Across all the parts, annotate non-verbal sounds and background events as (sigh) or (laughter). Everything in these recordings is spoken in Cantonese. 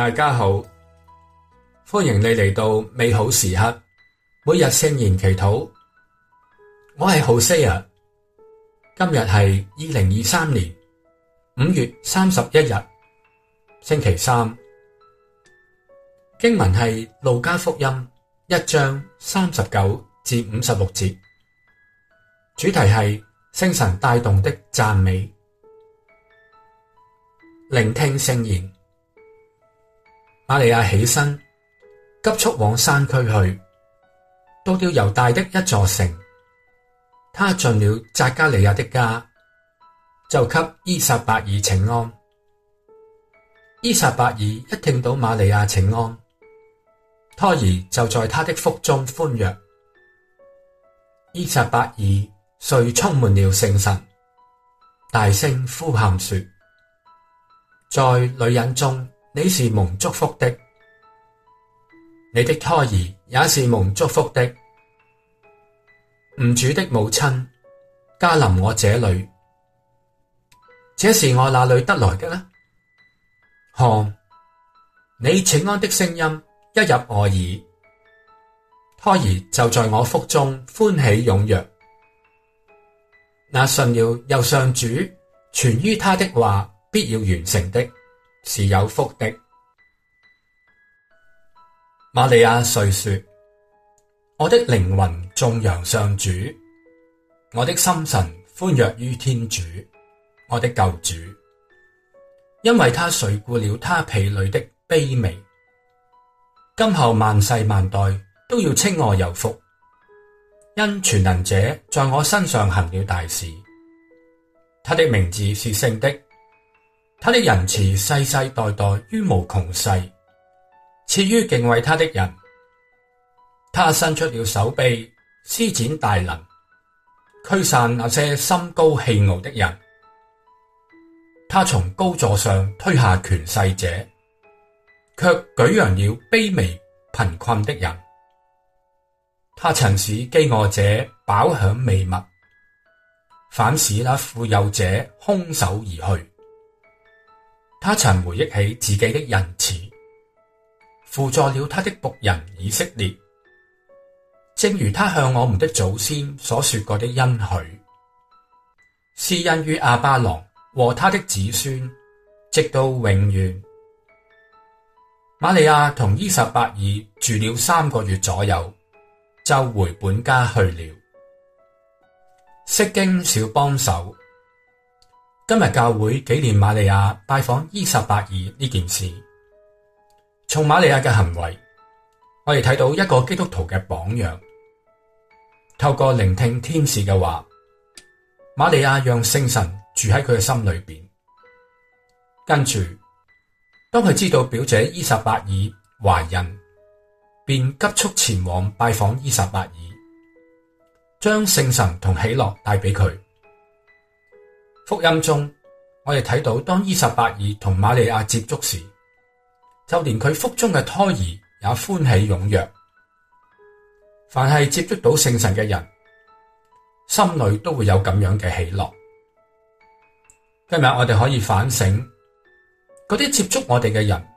大家好，歡迎你嚟到美好時刻。每日聖言祈禱，我係何西亞。今日係二零二三年五月三十一日，星期三。經文係路加福音一章三十九至五十六節，主題係聖神帶動的讚美。聆聽聖言。瑪利亞起身，急速往山區去，到了猶大的一座城。她進了匝加利亞的家，就給依撒伯爾請安。依撒伯爾一聽到瑪利亞請安，胎兒就在她的腹中歡躍。依撒伯爾遂充滿了聖神，大聲呼喊說：在女人中。你是蒙祝福的，你的胎兒也是蒙祝福的。吾主的母親駕臨我這裏，這是我哪裏得來嘅呢？看、嗯、你請安的聲音一入我耳，胎兒就在我腹中歡喜踊躍。那信要由上主傳於他的話，必要完成的。是有福的，瑪利亞遂說：我的靈魂頌揚上主，我的心神歡躍於天主，我的救主，因為他垂顧了他婢女的卑微，今後萬世萬代都要稱我有福，因全能者在我身上行了大事，他的名字是聖的。他的仁慈世世代代於無窮世，賜於敬畏他的人。他伸出了手臂，施展大能，驅散那些心高氣傲的人。他從高座上推下權勢者，卻舉揚了卑微貧困的人。他曾使飢餓者飽享美物，反使那富有者空手而去。他曾回憶起自己的仁慈，扶助了他的僕人以色列，正如他向我們的祖先所說過的恩許，施恩於阿巴郎和他的子孫，直到永遠。瑪利亞同依撒伯爾住了三個月左右，就回本家去了。釋經小幫手。今日教會紀念瑪利亞拜訪依撒伯爾呢件事，從瑪利亞嘅行為，我哋睇到一個基督徒嘅榜樣。透過聆聽天使嘅話，瑪利亞讓聖神住喺佢嘅心裏邊。跟住，當佢知道表姐依撒伯爾懷孕，便急速前往拜訪依撒伯爾，將聖神同喜樂帶俾佢。福音中，我哋睇到當依撒伯爾同瑪利亞接觸時，就連佢腹中嘅胎兒也歡喜踊躍。凡係接觸到聖神嘅人，心裏都會有咁樣嘅喜樂。今日我哋可以反省，嗰啲接觸我哋嘅人，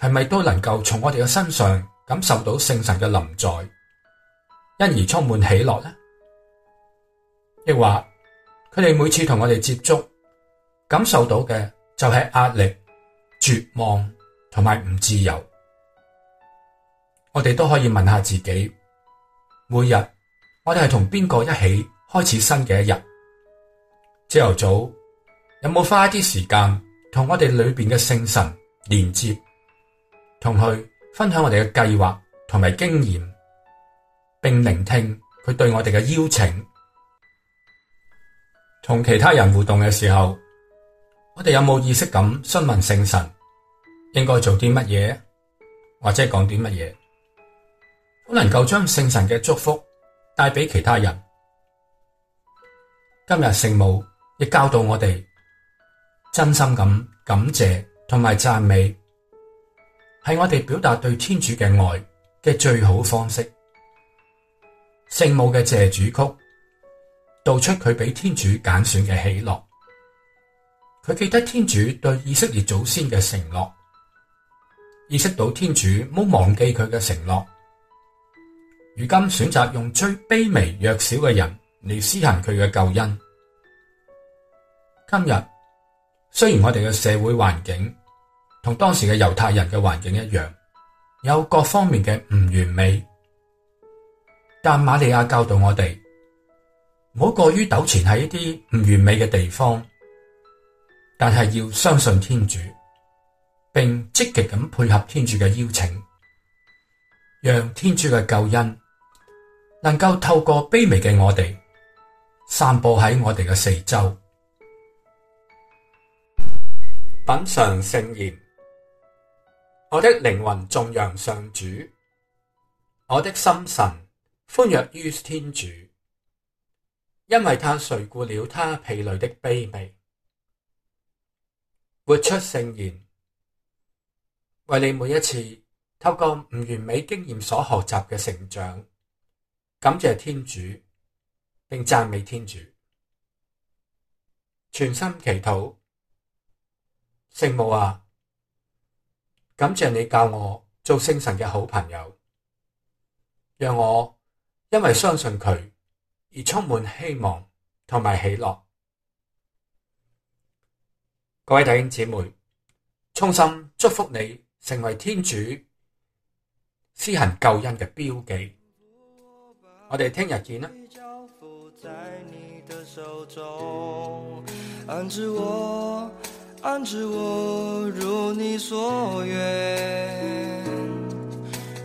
係咪都能夠從我哋嘅身上感受到聖神嘅臨在，因而充滿喜樂呢？亦或？佢哋每次同我哋接觸，感受到嘅就係壓力、絕望同埋唔自由。我哋都可以問下自己，每日我哋係同邊個一起開始新嘅一日？朝頭早有冇花啲時間同我哋裏邊嘅聖神連接，同佢分享我哋嘅計劃同埋經驗，並聆聽佢對我哋嘅邀請？同其他人互動嘅時候，我哋有冇意識咁詢問聖神應該做啲乜嘢，或者講啲乜嘢，好能夠將聖神嘅祝福帶畀其他人？今日聖母亦教導我哋，真心咁感謝同埋讚美，係我哋表達對天主嘅愛嘅最好方式。聖母嘅謝主曲，道出佢俾天主揀選嘅喜樂，佢記得天主對以色列祖先嘅承諾，意識到天主冇忘記佢嘅承諾，如今選擇用最卑微弱小嘅人嚟施行佢嘅救恩。今日雖然我哋嘅社會環境同當時嘅猶太人嘅環境一樣，有各方面嘅唔完美，但瑪利亞教導我哋。唔好過於糾纏喺一啲唔完美嘅地方，但係要相信天主，並積極咁配合天主嘅邀請，讓天主嘅救恩能夠透過卑微嘅我哋，散布喺我哋嘅四周。品嘗聖言，我的靈魂頌揚上主，我的心神歡悅歡躍於天主。因為他垂顧了他婢女的卑微，活出聖言，為你每一次透過唔完美經驗所學習嘅成長，感謝天主，並讚美天主，全心祈禱，聖母啊，感謝你教我做聖神嘅好朋友，讓我因為相信佢。而充滿希望同埋喜樂，各位弟兄姊妹，衷心祝福你成為天主施行救恩嘅標記。我哋聽日見啦！ (music)